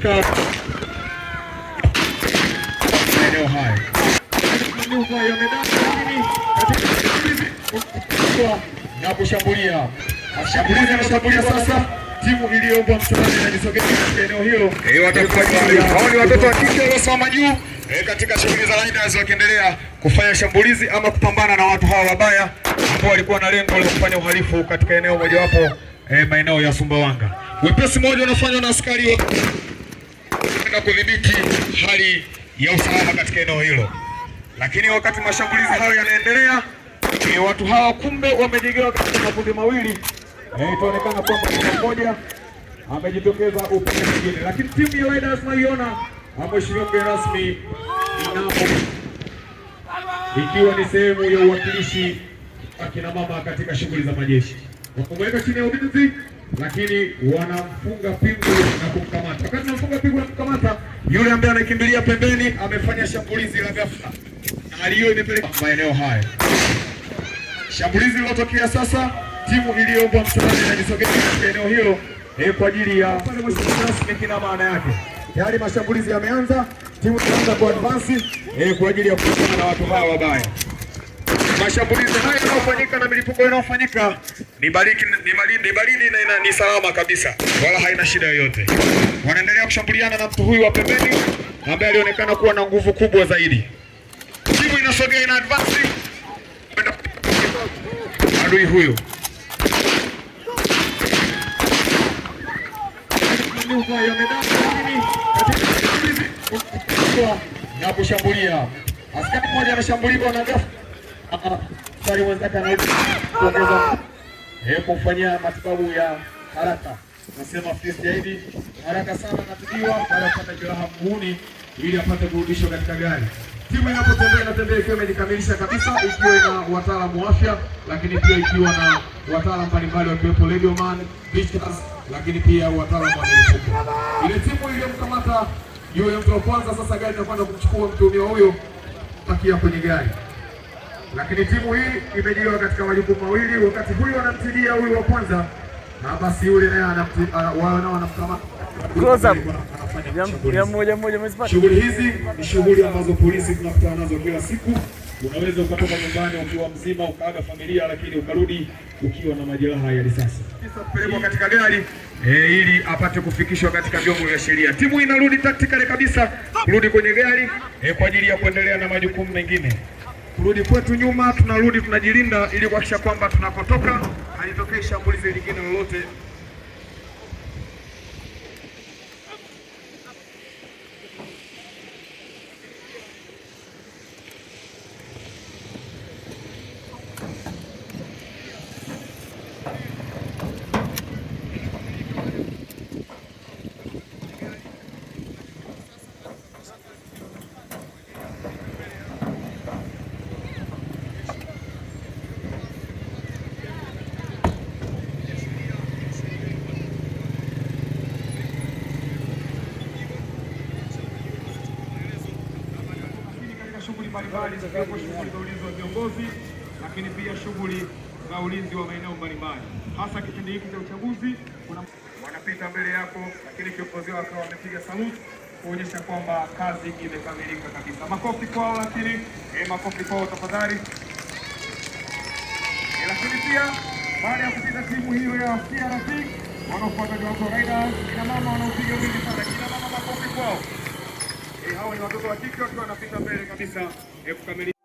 Go. Maeneo hayo manufa yamedaa na kushambulia, ashambulizi anashambulia sasa. Timu iliyoomba msamaha inajisogea katika eneo hilo. Hao ni watoto wa kike waliosimama juu eh, katika shughuli za Raiders wakiendelea kufanya shambulizi ama kupambana na watu hawa wabaya ambao walikuwa na lengo la kufanya uhalifu katika eneo mojawapo, eh, maeneo ya Sumbawanga. Wepesi mmoja unafanywa na askari na kudhibiti hali ya usalama katika eneo hilo. Lakini wakati mashambulizi hayo yanaendelea, ni watu hawa kumbe wamejigawa katika makundi mawili, na itaonekana kwamba kuna mmoja amejitokeza upande mwingine, lakini timu ya Raiders naiona mheshimiwa mgeni rasmi inapo ikiwa ni sehemu ya uwakilishi akina mama katika shughuli za majeshi, wakumweka chini ya ulinzi, lakini wanamfunga pingu na kumkamata. Wakati wanamfunga pingu na kumkamata yule ambaye anakimbilia pembeni amefanya shambulizi la ghafla, na hali hiyo imepeleka maeneo haya. Shambulizi lilotokea sasa, timu iliyoomba msamaha inajisogea katika eneo hilo eh, kwa ajili ya rasmi. Kina maana yake tayari mashambulizi yameanza, timu inaanza kwa advance eh, kwa ajili ya kupambana na watu hawa wabaya mashambulizi haya yanayofanyika na milipuko inayofanyika ni baridi, ni baridi na ni salama kabisa, wala haina shida yoyote. Wanaendelea kushambuliana na mtu huyu wa pembeni ambaye alionekana kuwa na nguvu kubwa zaidi. Timu inasogea ina advance adui huyu na kushambulia askari mmoja anashambuliwa na ghafla daktari mwenzake anaweza kuongeza kufanyia matibabu ya haraka. Nasema zaidi haraka sana anatibiwa baada ya kupata jeraha mguuni, ili apate kurudishwa katika gari. Timu inapotembea inatembea ikiwa imejikamilisha kabisa, ikiwa ina wataalamu wa afya, lakini pia ikiwa na wataalamu mbalimbali wakiwepo radio man, visitors, lakini pia wataalamu wa mifugo. Ile timu iliyomkamata yule mtu wa kwanza, sasa gari inakwenda kumchukua mtuhumiwa huyo, pakia kwenye gari lakini timu hii imejiwa katika wajibu mawili, wakati huyu anamtidia huyu wa kwanza, na basi yule naye uh, anafanya. Shughuli hizi ni shughuli ambazo polisi tunakutana nazo kila siku. Unaweza ukatoka nyumbani ukiwa mzima ukaaga familia, lakini ukarudi ukiwa na majeraha ya risasi, kupelekwa katika gari eh, ili apate kufikishwa katika vyombo vya sheria. Timu inarudi tactically kabisa kurudi kwenye gari eh, kwa ajili ya kuendelea na majukumu mengine kurudi kwetu nyuma, tunarudi tunajilinda, ili kuhakikisha kwamba tunakotoka haitokei shambulizi lingine lolote. mbalimbali zikiwepo shughuli za ulinzi wa viongozi, lakini pia shughuli za ulinzi wa maeneo mbalimbali, hasa kipindi hiki cha uchaguzi. Kuna wanapita mbele yako, lakini kiongozi wako wamepiga saluti kuonyesha kwamba kazi imekamilika kabisa. Makofi kwao, lakini eh, makofi kwao tafadhali. Eh, lakini pia baada ya kupita timu hiyo ya CRT wanaofuata Raiders, kina mama wanaopiga wingi sana, kina mama makofi kwao hao ni watoto wa kike wakiwa wanafika mbele kabisa